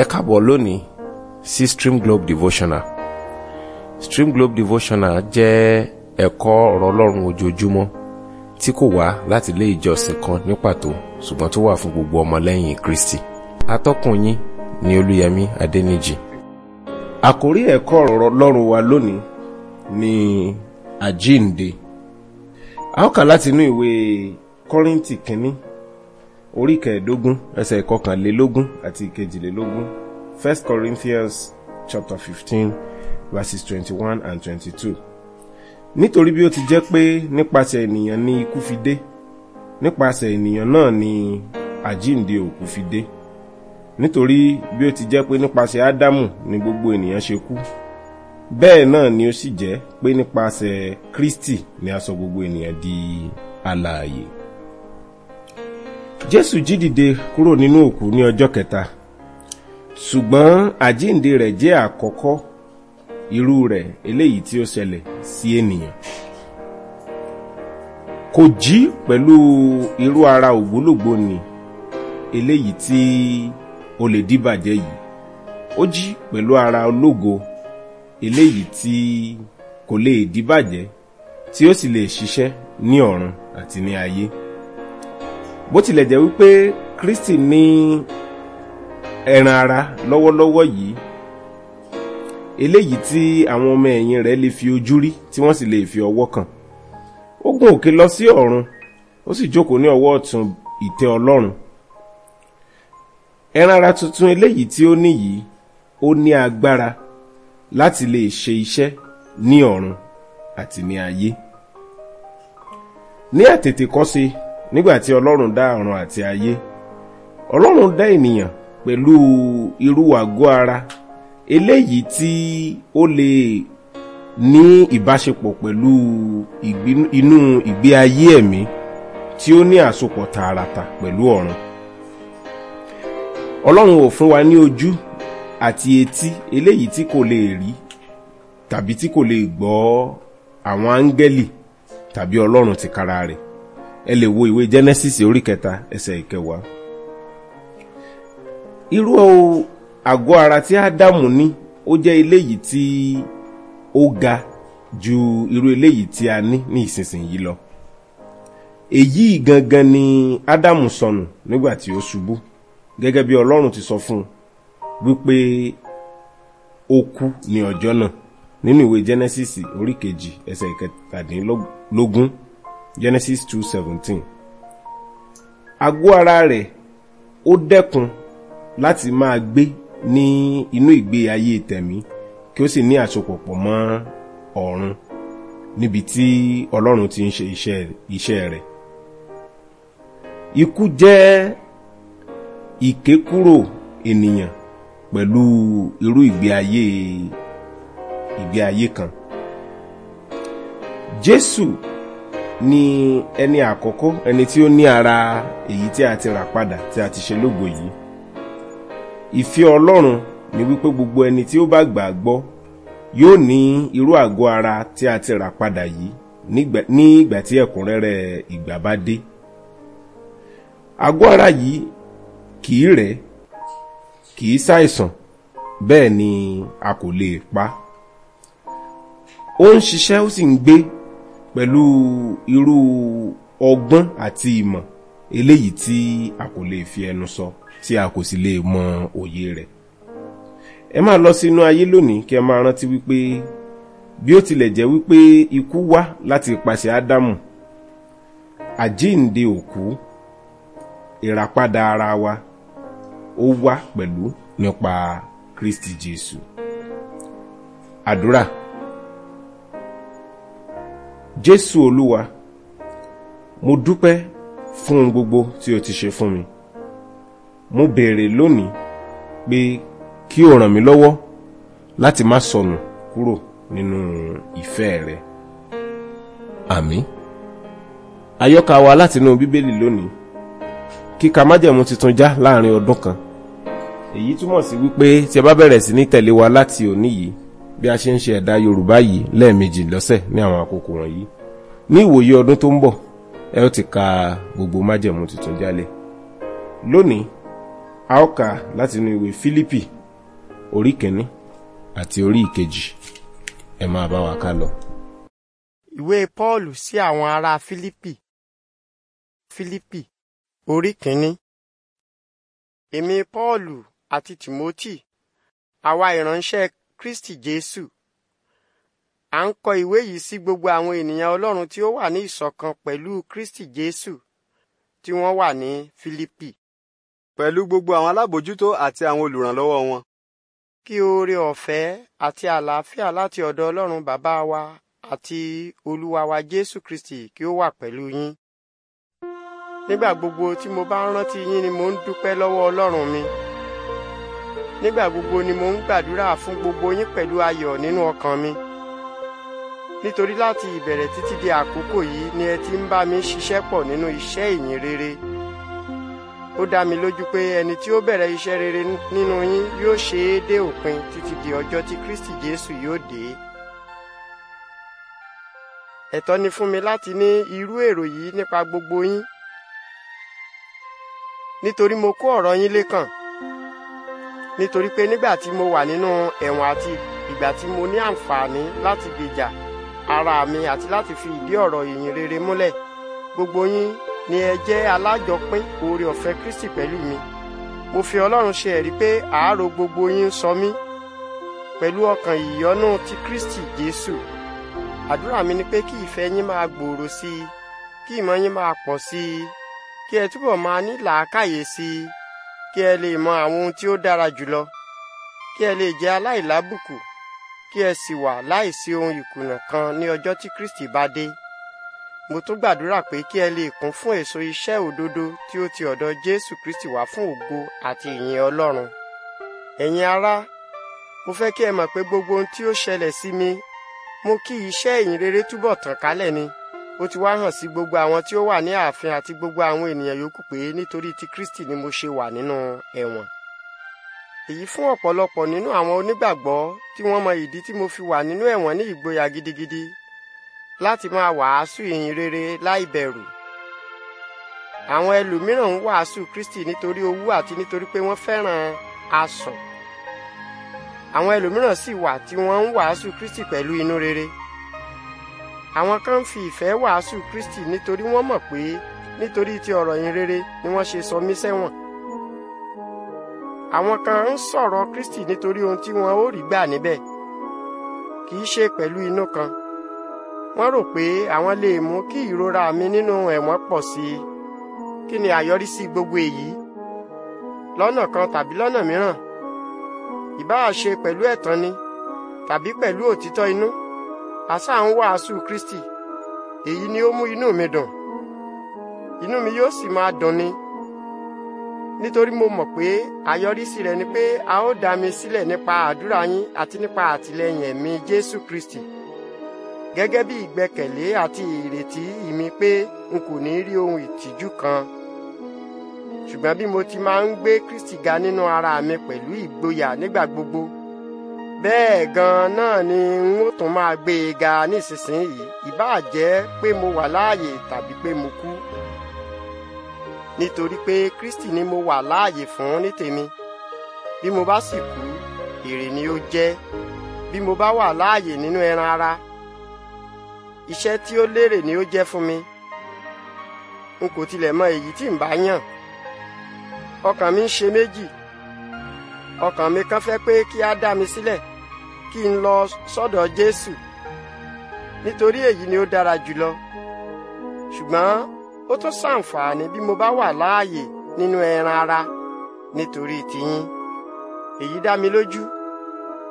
ẹ káàbọ̀ lónìí sí Stream Globe Devotional Stream Globe Devotional jẹ́ ẹ̀kọ́ ọ̀rọ̀ ọlọ́run ojoojúmọ́ tí kò wá láti ilé ìjọsìn kan ní pàtó ṣùgbọ́n tó wà fún gbogbo ọmọlẹ́yìn Kristi atọ́kùn yín ni Olúyẹmí Adẹ́nìjì àkórí ẹ̀kọ́ ọ̀rọ̀ ọlọ́run wa lónìí ni àjíǹde a ó kà láti inú ìwé Kọ́ríńtì kínní orí kẹẹ̀ẹ́dógún ẹsẹ̀ ìkọkànlélógún àti ìkejìlélógún first corinthians chapter fifteen verses twenty-one and twenty-two nítorí bí ó ti jẹ́ pé nípasẹ̀ ènìyàn ni ikú fi dé nípasẹ̀ ènìyàn náà ni àjíǹde òkú fi dé nítorí bí ó ti jẹ́ pé nípasẹ̀ ádámù ni gbogbo ènìyàn ṣe kú bẹ́ẹ̀ náà ni ó sì jẹ́ pé nípasẹ̀ kristi ni a sọ gbogbo ènìyàn di alààyè jésù jí dìde kúrò nínú òkú ní ọjọ́ kẹta ṣùgbọ́n àjíǹde rẹ̀ jẹ́ àkọ́kọ́ irú rẹ̀ eléyìí tí ó ṣẹlẹ̀ sí ènìyàn kò jí pẹ̀lú irú ara ògbólógbò ni eléyìí tí ó lè dìbàjẹ́ yìí ó jí pẹ̀lú ara ológo eléyìí tí kò lè dìbàjẹ́ tí ó sì lè ṣiṣẹ́ ní ọ̀run àti ní ayé bó tilẹ̀ jẹ́ wípé Kristi ní ẹran ara lọ́wọ́lọ́wọ́ yìí eléyìí tí àwọn ọmọ ẹ̀yìn rẹ̀ lè fi ojú rí tí wọ́n sì lè fi ọwọ́ kàn ó gùn òkè lọ sí ọ̀run ó sì jókòó ní ọwọ́ ọ̀tún ìtẹ́ Ọlọ́run ẹran ara tuntun eléyìí tí ó ní yìí ó ní agbára láti lè ṣe iṣẹ́ ní ọ̀run àti ní ayé ní àtètèkọ́ṣe nígbàtí ọlọ́run dá ọ̀run àti ayé ọlọ́run dá ènìyàn pẹ̀lú irú àgọ́ ara eléyìí tí ó lè ní ìbáṣepọ̀ pẹ̀lú inú ìgbé ayé ẹ̀mí tí ó ní àsopọ̀ tààràtà pẹ̀lú ọ̀run ọlọ́run ò fún wa ní ojú àti etí eléyìí tí kò lè rí tàbí tí kò lè gbọ́ àwọn áńgẹ́lì tàbí ọlọ́run tìkára rẹ̀ ẹ lè wo ìwé Genesis orí kẹta ẹsẹ̀ ìkẹwàá. irú àgọ́ ara tí Ádámù ní ó jẹ́ eléyìí tí ó ga ju irú eléyìí tí a ní ní ìsinsìnyí lọ. èyí gangan ni Ádámù sọnù nígbà tí ó ṣubú gẹ́gẹ́ bí Ọlọ́run ti sọ fún un wípé ó kú ní ọjọ́ náà nínú ìwé Genesis orí kejì ẹsẹ̀ ìkẹtàdínlógún. Genesis 2:17 àgọ́ ara rẹ̀ ó dẹ́kun láti máa gbé ní inú ìgbé ayé tẹ̀mí kí ó sì ní àsopọ̀ pọ̀ mọ́ ọ̀run níbi tí Ọlọ́run ti ń ṣe iṣẹ́ rẹ̀ ikú jẹ́ ìkékúrò ènìyàn pẹ̀lú irú ìgbé ayé ìgbé ayé kan Jésù ni ẹni àkọ́kọ́ ẹni tí ó ní ara èyí tí a ti rà padà tí a ti ṣe lógo yìí ìfẹ́ Ọlọ́run ni wípé gbogbo ẹni tí ó bá gbàgbọ́ yóò ní irú àgọ́ ara tí a ti rà padà yìí ní ìgbà tí ẹ̀kúnrẹ́rẹ́ ìgbà bá dé àgọ́ ara yìí kìí rẹ̀ kìí ṣàìsàn bẹ́ẹ̀ ni a kò lè pa ó ń ṣiṣẹ́ ó sì ń gbé pẹ̀lú irú ọgbọ́n àti ìmọ̀ eléyìí tí a kò lè fi ẹnu sọ tí a kò sì lè mọ òye rẹ̀ ẹ máa lọ sínú ayé lónìí kí ẹ máa rántí wípé bí ó tilẹ̀ jẹ́ wípé ikú wá láti ipasẹ̀ ádámù àjíǹde òkú ìràpadà ara wa ó wá pẹ̀lú nípa kristi jésù àdúrà jésù olúwa mo dúpẹ́ fún ohun gbogbo tí o ti ṣe fún mi mo béèrè lónìí pé kí o ràn mí lọ́wọ́ láti má sọnù kúrò nínú ìfẹ́ rẹ àmín àyọkà wa látinú bíbélì lónìí kíka májẹ̀mú tuntun já láàrin ọdún kan èyí túmọ̀ sí wípé tí ẹ bá bẹ̀rẹ̀ sí ní tẹ̀lé wa láti òní yìí bí a ṣe ń ṣe ẹ̀dá yorùbá yìí lẹ́ẹ̀mejì lọ́sẹ̀ ní àwọn àkókò wọ̀nyí ní ìwòye ọdún tó ń bọ̀ ẹ ó ti ka gbogbo májẹ̀mú tuntun jálẹ̀ lónìí a ó kà láti inú ìwé fílípì orí kìíní àti orí ìkejì ẹ máa bá wa ká lọ. ìwé paul sí àwọn ará fílípì fílípì orí kìíní èmi paul àti timothy àwa ìránṣẹ́ Kristi Jésù à ń kọ ìwé yìí sí gbogbo àwọn ènìyàn Ọlọ́run tí ó wà ní ìṣọ̀kan pẹ̀lú Kristi Jésù tí wọ́n wà ní Fílípì. Pẹ̀lú gbogbo àwọn alábòjútó àti àwọn olùrànlọ́wọ́ wọn. Kí oore ọ̀fẹ́ àti àlàáfíà láti ọ̀dọ̀ Ọlọ́run bàbá wa àti Olúwa wa Jésù Kristi kí ó wà pẹ̀lú yín. Nígbà gbogbo tí mo bá ń rántí yín ni mo ń dúpẹ́ lọ́wọ́ Ọlọ́run mi nígbà gbogbo ni mo ń gbàdúrà fún gbogbo yín pẹ̀lú ayọ̀ nínú ọkàn mi nítorí láti ìbẹ̀rẹ̀ títí di àkókò yìí ni ẹ ti ń bá mi ṣiṣẹ́ pọ̀ nínú iṣẹ́ ìyìn rere ó dá mi lójú pé ẹni tí ó bẹ̀rẹ̀ iṣẹ́ rere nínú yín yóò ṣe é dé òpin títí di ọjọ́ tí Kristi Jésù yóò dé ẹ̀tọ́ ni fún mi láti ní irú èrò yìí nípa gbogbo yín nítorí mo kó ọ̀rọ̀ yín lékàn nítorí pé nígbà tí mo wà nínú ẹ̀wọ̀n àti ìgbà tí mo ní àǹfààní láti gbèjà ara mi àti láti fi ìdí ọ̀rọ̀ ìyìn rere múlẹ̀ gbogbo yín ni ẹ jẹ́ alájọpín oore ọ̀fẹ́ Kristi pẹ̀lú mi mo fi Ọlọ́run ṣe ẹ̀rí pé àárò gbogbo yín sọ mí pẹ̀lú ọkàn ìyọ́nú ti Kristi Jésù àdúrà mi ni pé kí ìfẹ́ yín máa gbòòrò sí i kí ìmọ̀ yín máa pọ̀ sí i kí ẹ túbọ̀ máa ní làákàyè sí i kí ẹ lè mọ àwọn ohun tí ó dára jùlọ kí ẹ lè jẹ́ aláìlábùkù kí ẹ sì wà láìsí ohun ìkùnà kan ní ọjọ́ tí Kristi bá dé mo tún gbàdúrà pé kí ẹ lè kún fún èso iṣẹ́ òdodo tí ó ti ọ̀dọ̀ Jésù Kristi wá fún ògo àti ìyìn Ọlọ́run ẹ̀yin ará mo fẹ́ kí ẹ mọ̀ pé gbogbo ohun tí ó ṣẹlẹ̀ sí mi mo kí iṣẹ́ ìyìn rere túbọ̀ tàn kálẹ̀ ni ó ti wá hàn sí gbogbo àwọn tí ó wà ní ààfin àti gbogbo àwọn ènìyàn yòókù pé nítorí ti Kristi ni mo ṣe wà nínú ẹ̀wọ̀n èyí fún ọ̀pọ̀lọpọ̀ nínú àwọn onígbàgbọ́ tí wọ́n mọ ìdí tí mo fi wà nínú ẹ̀wọ̀n ní ìgboyà gidigidi láti máa wàásù ìyìn rere láì bẹ̀rù àwọn ẹlòmíràn ń wàásù Kristi nítorí owú àti nítorí pé wọ́n fẹ́ràn asọ̀ àwọn ẹlòmíràn sì wà tí wọ́n ń wàásù Kristi pẹ̀lú inú rere àwọn kan ń fi ìfẹ́ wàásù Kristi nítorí wọ́n mọ̀ pé nítorí ti ọ̀rọ̀ yìí rere ni wọ́n ṣe sọ mí sẹ́wọ̀n. àwọn kan ń sọ̀rọ̀ Kristi nítorí ohun tí wọn ó rí gbà níbẹ̀ kì í ṣe pẹ̀lú inú kan wọ́n rò pé àwọn lè mú kí ìrora mi nínú ẹ̀wọ̀n pọ̀ sí i kí ni àyọrísí gbogbo èyí lọ́nà kan tàbí lọ́nà mìíràn ìbáà ṣe pẹ̀lú ẹ̀tàn ni tàbí pẹ̀lú òtítọ́ inú a ṣáà ń wàásù Kristi èyí ni ó mú inú mi dùn inú mi yóò sì máa dùn ni nítorí mo mọ̀ pé àyọrísí rẹ̀ ni pé a ó dá mi sílẹ̀ nípa àdúrà yín àti nípa àtìlẹyìn ẹ̀mí Jésù Kristi gẹ́gẹ́ bí ìgbẹ́kẹ̀lé àti ìrètí ìmí pé n kò ní rí ohun ìtìjú kan ṣùgbọ́n bí mo ti máa ń gbé Kristi ga nínú ara mi pẹ̀lú ìgboyà nígbà gbogbo bẹ́ẹ̀ gan-an náà ni n ó tún máa gbé e ga nísinsìnyí ìbáà jẹ́ pé mo wà láàyè tàbí pé mo kú nítorí pé Kristi ni mo wà láàyè fún ní tèmi bí mo bá sì kú èrè ni ó jẹ́ bí mo bá wà láàyè nínú ẹran ara iṣẹ́ tí ó lérè ni ó jẹ́ fún mi n kò tilẹ̀ mọ èyí tí n bá yàn ọkàn mi ń ṣe méjì ọkàn mi kan fẹ́ pé kí á dá mi sílẹ̀ kí n lọ sọ́dọ̀ Jésù nítorí èyí ni ó dára jùlọ ṣùgbọ́n ó tún ṣàǹfààní bí mo bá wà láàyè nínú ẹran ara nítorí tiyín èyí dá mi lójú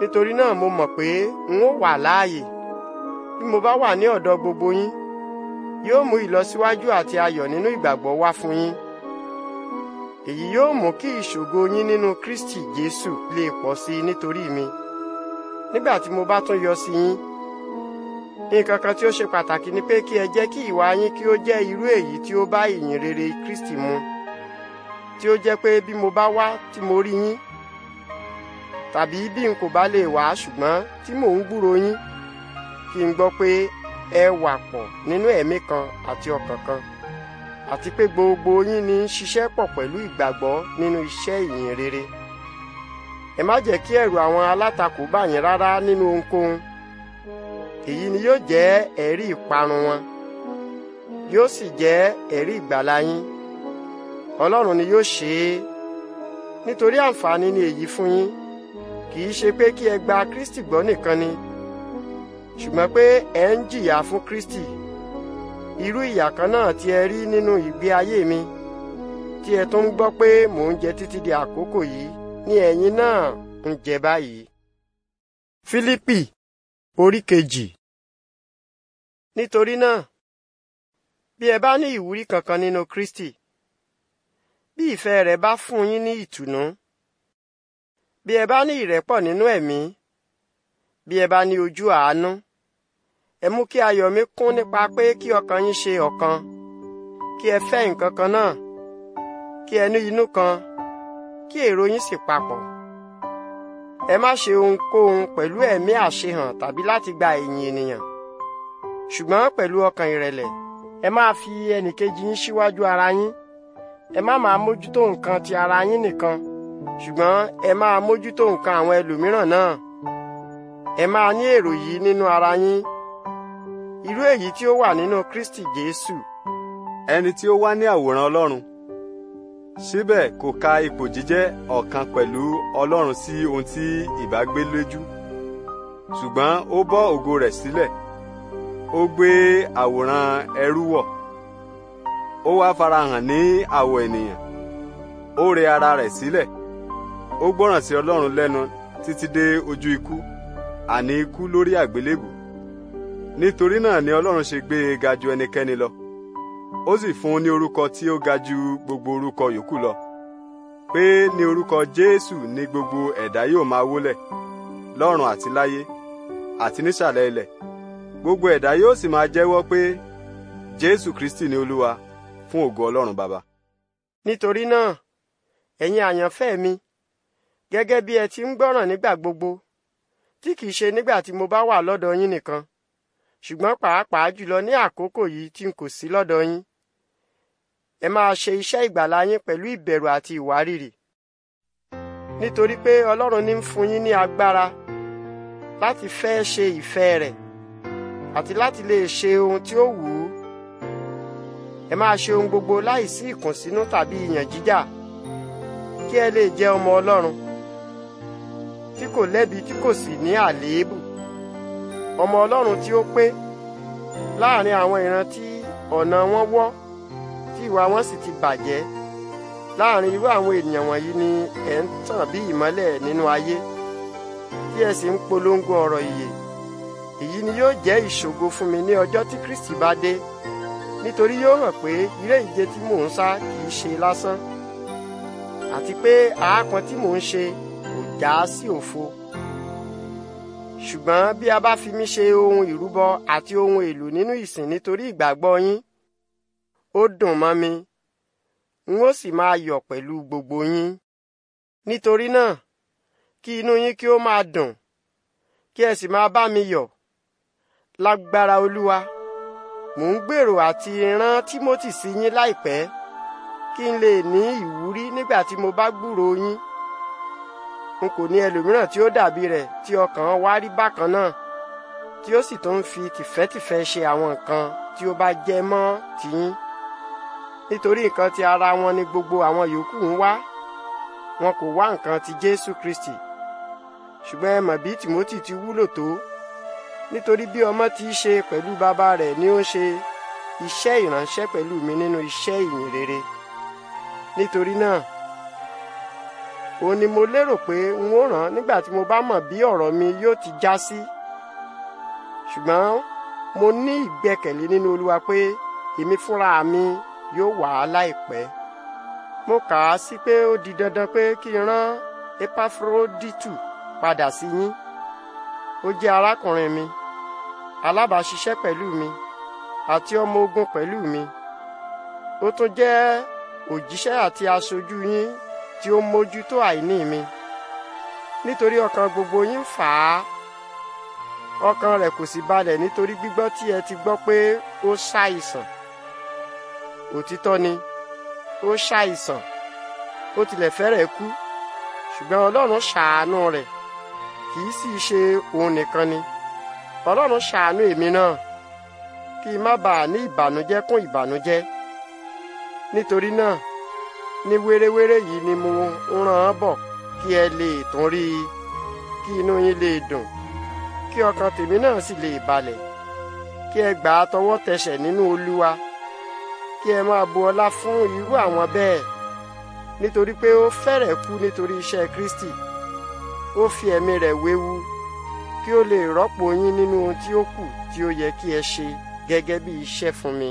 nítorí náà mo mọ̀ pé n ó wà láàyè bí mo bá wà ní ọ̀dọ̀ gbogbo yín yóò mú ìlọsíwájú àti ayọ̀ nínú ìgbàgbọ́ wá fún yín èyí yóò mú kí ìṣògo yín nínú Kristi Jésù lè pọ̀ sí i nítorí mi nígbà tí mo bá tún yọ sí yín nǹkan kan tí ó ṣe pàtàkì ni pé kí ẹ jẹ́ kí ìwà yín kí ó jẹ́ irú èyí tí ó bá ìyìn rere Kristi mu tí ó jẹ́ pé bí mo bá wá tí mo rí yín tàbí bí n kò bá lè wá ṣùgbọ́n tí mò ń gbúro yín kí n gbọ́ pé ẹ wà pọ̀ nínú ẹ̀mí kan àti ọkàn kan àti pé gbogbo yín ni ń ṣiṣẹ́ pọ̀ pẹ̀lú ìgbàgbọ́ nínú iṣẹ́ ìyìn rere ẹ má jẹ́ kí ẹ̀rù àwọn alátakò bà yín rárá nínú ohunkóhun èyí ni yóò jẹ́ ẹ̀rí ìparun wọn yóò sì jẹ́ ẹ̀rí ìgbàlà yín ọlọ́run ni yóò ṣe é nítorí àǹfààní ni èyí fún yín kì í ṣe pé kí ẹ gba Kristi gbọ́ nìkan ni ṣùgbọ́n pé ẹ ń jìyà fún Kristi irú ìyà kan náà tí ẹ rí nínú ìgbé ayé mi tí ẹ tún ń gbọ́ pé mò ń jẹ títí di àkókò yìí ni ẹ̀yin náà ń jẹ báyìí. Fílípì orí kejì. Nítorí náà, bí ẹ bá ní ìwúrí kankan nínú Kristi, bí ìfẹ́ rẹ̀ bá fún yín ní ìtùnú, bí ẹ bá ní ìrẹ́pọ̀ nínú ẹ̀mí, bí ẹ bá ní ojú àánú, ẹ mú kí ayọ̀ mi kún nípa pé kí ọkàn yín ṣe ọ̀kan, kí ẹ fẹ́ nǹkan kan náà, kí ẹ inú kan. kí èrò yín sì papọ̀ ẹ má ṣe ohunkóhun pẹ̀lú ẹ̀mí àṣehàn tàbí láti gba ìyìn ènìyàn ṣùgbọ́n pẹ̀lú ọkàn ìrẹ̀lẹ̀ ẹ máa fi ẹnìkejì yín síwájú ara yín ẹ má máa mójútó nǹkan ti ara yín nìkan ṣùgbọ́n ẹ máa mójútó nǹkan àwọn ẹlòmíràn náà ẹ máa ní èrò yìí nínú ara yín irú èyí tí ó wà nínú Kristi Jésù ẹni tí ó wá ní àwòrán Ọlọ́run síbẹ̀ kò ka ipò jíjẹ́ ọ̀kan pẹ̀lú Ọlọ́run sí ohun tí ìbá gbé lójú ṣùgbọ́n ó bọ́ ògo rẹ̀ sílẹ̀ ó gbé àwòrán ẹrú wọ̀ ó wá farahàn ní àwọ̀ ènìyàn ó rẹ ara rẹ̀ sílẹ̀ ó gbọ́ràn sí Ọlọ́run lẹ́nu títí dé ojú ikú àní ikú lórí àgbélébù nítorí náà ni Ọlọ́run ṣe gbé e ga ju ẹnikẹ́ni lọ ó sì fún un ní orúkọ tí ó ga ju gbogbo orúkọ yòókù lọ pé ní orúkọ Jésù ni gbogbo ẹ̀dá yóò máa wólẹ̀ lọ́run àti láyé àti nísàlẹ̀ ilẹ̀ gbogbo ẹ̀dá yóò sì máa jẹ́wọ́ pé Jésù Kristi ni Olúwa fún ògo Ọlọ́run Baba. nítorí náà ẹ̀yin àyànfẹ́ mi gẹ́gẹ́ bí ẹ ti ń gbọ́ràn nígbà gbogbo tí kìí ṣe nígbà tí mo bá wà lọ́dọ̀ yín nìkan ṣùgbọ́n pàápàá jùlọ ní àkókò yìí tí n kò sí lọ́dọ̀ yín ẹ máa ṣe iṣẹ́ ìgbàlá yín pẹ̀lú ìbẹ̀rù àti ìwárìrì nítorí pé Ọlọ́run ní ń fún yín ní agbára láti fẹ́ ṣe ìfẹ́ rẹ̀ àti láti lè ṣe ohun tí ó wù ú ẹ máa ṣe ohun gbogbo láìsí ìkùnsínú tàbí ìyàn jíjà kí ẹ lè jẹ́ ọmọ Ọlọ́run tí kò lẹ́bi tí kò sì ní àléébù ọmọ ọlọ́run tí ó pé láàrin àwọn ìran tí ọ̀nà wọn wọ́ tí ìwà wọn sì ti bàjẹ́ láàrin irú àwọn ènìyàn wọ̀nyí ni ẹ̀ ń tàn bí ìmọ́lẹ̀ nínú ayé tí ẹ sì ń polongo ọ̀rọ̀ ìyè èyí ni yóò jẹ́ ìṣògo fún mi ní ọjọ́ tí Kristi bá dé nítorí yóò hàn pé eré ìje tí mò ń sá kì í ṣe lásán àti pé àákan tí mò ń ṣe kò já sí òfo ṣùgbọ́n bí a bá fi mí ṣe ohun ìrúbọ àti ohun èlò nínú ìsìn nítorí ìgbàgbọ́ yín ó dùn mọ́ mi n ó sì máa yọ̀ pẹ̀lú gbogbo yín nítorí náà kí inú yín kí ó máa dùn kí ẹ sì máa bá mi yọ̀ lágbára olúwa mò ń gbèrò àti rán Tímótì sí yín láìpẹ́ kí n lè ní ìwúrí nígbà tí mo bá gbúròó yín n kò ní ẹlòmíràn tí ó dàbí rẹ̀ tí ọkàn wá rí bákan náà tí ó sì tún ń fi tìfẹ́tìfẹ́ ṣe àwọn nǹkan tí ó bá jẹ mọ́ tìyín nítorí nǹkan ti ara wọn ni gbogbo àwọn yòókù ń wá wọn kò wá nǹkan ti Jésù Kristi ṣùgbọ́n ẹ mọ̀ bí Timothy ti wúlò tó nítorí bí ọmọ ti ṣe pẹ̀lú bàbá rẹ̀ ni ó ń ṣe iṣẹ́ ìránṣẹ́ pẹ̀lú mi nínú iṣẹ́ ìyìn rere nítorí náà òun ni mo lérò pé n ó rán nígbà tí mo bá mọ̀ bí ọ̀rọ̀ mi yóò ti já sí ṣùgbọ́n mo ní ìgbẹ́kẹ̀lé nínú olúwa pé èmi fúnra mi yóò wà á láìpẹ́ mo kà á sí pé ó di dandan pé kí n rán epafroditu padà sí yín ó jẹ́ arákùnrin mi alábàáṣiṣẹ́ pẹ̀lú mi àti ọmọ ogun pẹ̀lú mi ó tún jẹ́ òjíṣẹ́ àti aṣojú yín tí ó mójútó àìní mi nítorí ọkàn gbogbo yín fà á ọkàn rẹ̀ kò sì balẹ̀ nítorí gbígbọ́ tí ẹ ti gbọ́ pé ó ṣàìsàn òtítọ́ ni ó ṣàìsàn ó tilẹ̀ fẹ́rẹ̀ kú ṣùgbọ́n ọlọ́run ṣàánú rẹ̀ kì í sì ṣe òun nìkan ni ọlọ́run ṣàánú èmi náà kí n má bàa ní ìbànújẹ́ kún ìbànújẹ́ nítorí náà ní wéréwéré yìí ni mo ń ràn án bọ̀ kí ẹ lè tún rí i kí inú yín lè dùn kí ọkàn tèmi náà sì lè balẹ̀ kí ẹ gbà á tọwọ́ tẹsẹ̀ nínú olúwa kí ẹ máa bu ọlá fún irú àwọn bẹ́ẹ̀ nítorí pé ó fẹ́rẹ̀ kú nítorí iṣẹ́ Kristi ó fi ẹ̀mí rẹ̀ wéwu kí ó lè rọ́pò yín nínú ohun tí ó kù tí ó yẹ kí ẹ ṣe gẹ́gẹ́ bí iṣẹ́ fún mi